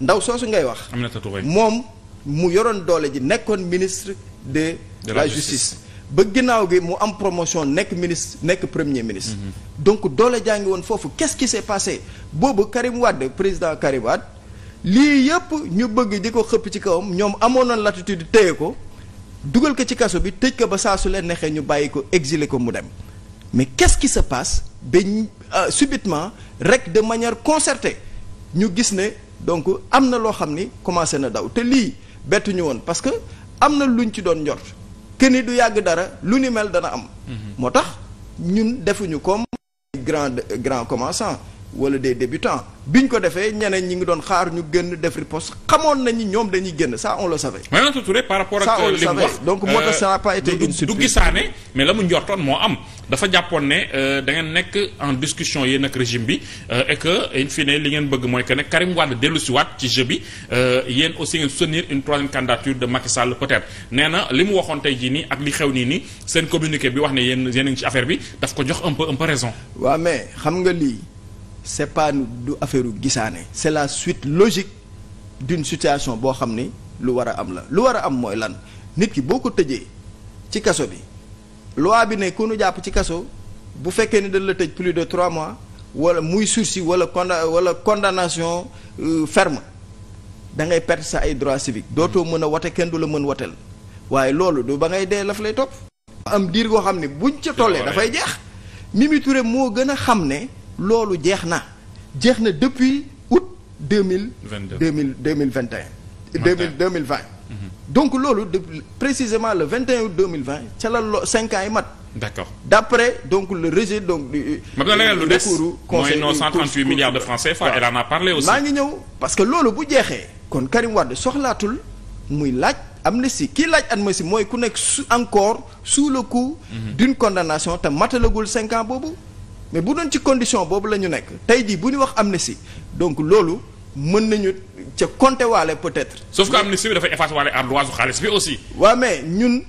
ndaw soosu ngay wax. moom mu yoroon doole ji nekkoon ministre de. de la justice ba ginnaaw gi mu am promotion nekk ministre nekk premier ministre. Mhm. donc doole jaa ngi woon foofu kes ki qui s'est passé boobu Karim Wade président Karim Wade lii yëpp ñu bëgg di ko xëpp ci kawam ñoom amoon na latitude téye ko dugal ko ci kaso bi tëj ko ba saa su leen nexee ñu bàyyi ko exiler ko mu dem mais quest ki qui se passe ba euh, subitement rek de manière concertée ñu gis ne. donc am na loo xam ni commencé na daw te lii bettu ñu woon parce que am na lu luñ ci doon njor que du yàgg dara lu ni mel dana am. Mhm. moo tax ñun defuñu comme grand grand commençant. wala des débutants biñ ko defee ñeneen ñi ngi doon xaar ñu génn def riposte xamoon nañu ñoom dañuy génn ça on le savait. maanaam par rapport ak. Euh, li mu wax donc moo tax ça n'a pas euh, du gisaane mais la mu njortoon moo am dafa jàppoon ne euh, da ngeen nekk en discussion yéen ak régime bi et que in li ngeen bëgg mooy que ne Karim Wade dellusiwaat ci jeu bi yéen aussi ngeen soutenir une troisième candidature de Macky Sall peut-être nee li mu waxoon tey jii nii ak li xew nii nii seen communiqué bi wax ne yéen yéen a ngi ci affaire bi daf ko jox un peu un xam nga lii. c'est pas du affaire gisaane c'est la suite logique d'une situation boo xam ni lu war a am la lu war a am mooy lan nit ki boo ko tëjee ci kaso bi loi bi ne ku nu jàpp ci kaso bu fekkee ni dañ la tëj plus de trois mois wala muy sursis wala conda wala condamnation euh, ferme dangay ngay perte sa ay droits civiques dootoo mën a wote kenn du la mën woteel waaye loolu du ba ngay dee laf lay topp am diir goo xam ne buñ ca tollee dafay jeex Mimi Touré moo gën a xam ne loolu jeex na jeex na depuis août deux mille. deux mille deux mille vingt et un. deux mille deux mille mhm. donc loolu de précisément le vingt et un août deux mille vingt ca la lo cinq yi mat. d'accord d'après donc le rejet donc du. Mame Ndao lu des mooy nos 138 milliards de francs CFA a parlé aussi. maa ngi ñëw parce que loolu bu jeexee. kon Karim Wade soxlaatul muy laaj am na si kii laaj si mooy ku nekk su encore sous le coup. Mhm. d'une condamnation te matalagul cinq boobu. mais bu doon ci condition boobu la ñu nekk tey jii bu ñu wax am amnistie donc loolu mën nañu ca compter waale peut-être. sauf que amnistie bi dafay effacer waale ardoise xaalis bi aussi. waaw mais ñun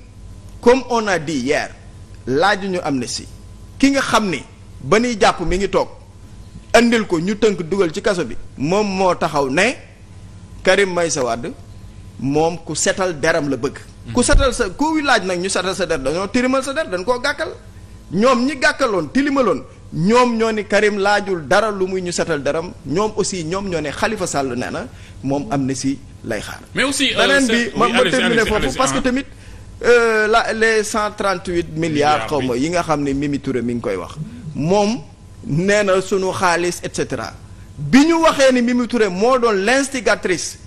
comme on a dit hier laajuñu amnistie ki nga xam ni ba nuy jàpp mi ngi toog andil ko ñu tënk dugal ci kaso bi. moom moo taxaw ne Karim sa Wade moom ku setal deram la bëgg. Hmm. ku setal sa wi laaj nag ñu setal sa der dañoo tirimal sa der dañ koo gàkkal ñoom ñi gàkkaloon tilimaloon. ñoom ñoo ni Karim laajul dara lu muy ñu setal daram ñoom aussi ñoom ñoo ne Khalifa Sall nee na moom amnistie lay xaar. mais aussi euh, beneen bi ma ma ne foofu parce que ah. tamit euh, la les cent trent huit milliards xaw ma yi nga xam ne Mimi Touré mi ngi koy wax moom nee na sunu xaalis et cetera bi ñu waxee ni Mimi Touré moo doon l'instigatrice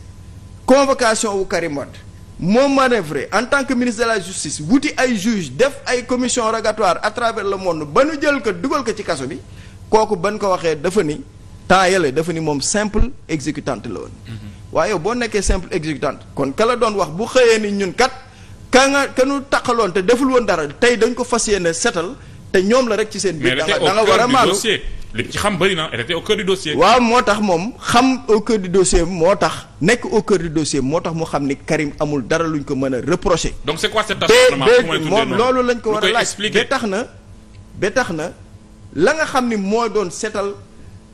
convocation wu Karim Wade moo manœuvré en tant que ministre de la justice wuti ay juge def ay commission rogatoire à travers le monde ba nu jël ko dugal ko ci kaso bi kooku ban ko waxee dafa ni temps yële dafa ni moom simple exécutante la woon. Mhm. waaye boo nekkee simple exécutante kon ka la doon wax bu xëyee ni ñun kat ka nga ka nu taxaloon te deful woon dara tey dañ ko fas yéene setal te ñoom la rek ci seen biir. da nga war a maalu li ci xam bëri na elle était au cœur du dossier. waaw moo tax moom xam au cœur du moo tax. nekk au cœur du dossier moo tax mu xam ni Karim amul dara luñ ko mën a reprocher. donc c'est quoi cette moom loolu lañ ko war tax na ba tax na la nga xam ni moo doon seetal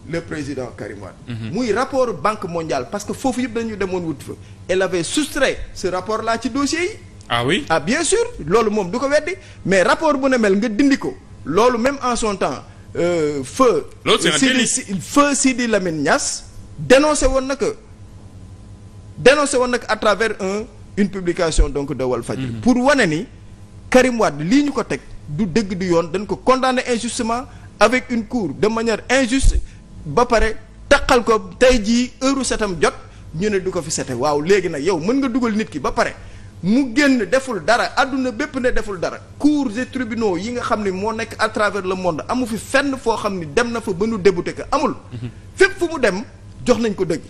le président Karim Wade. Mhm. muy rapport Banque mondiale parce que foofu yëpp dañu demoon wut fa. elle avait soustrait ce rapport là ci dossier yi. ah oui ah bien sûr loolu moom du ko weddi mais rapport bu ne mel nga dindi ko loolu même en son temps. Euh, feu. loolu c'est un délit feu Sidi Lamine woon nag que dénoncé woon nag que à travers un une publication donc de Walfadjri mhm. pour wane ni Karim Wade lii ñu ko teg du dëgg du yoon dañ ko condamné injustement avec une cour de manière injuste ba pare taqal ko tey jii heure setam jot ñu ne du ko fi sete waaw léegi nag yow mën nga dugal nit ki ba pare. mu génn deful dara àdduna bépp ne deful dara cours et tribunaux yi nga xam ne moo nekk à travers le monde amu fi fenn foo xam ni dem na fa ba nu débouté que amul mhm. fépp fu mu dem jox nañ ko dëgg